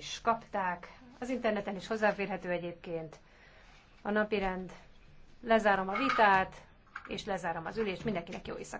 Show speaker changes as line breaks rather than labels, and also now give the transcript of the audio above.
is kapták. Az interneten is hozzáférhető egyébként a napirend. Lezárom a vitát, és lezárom az ülést. Mindenkinek jó éjszakát!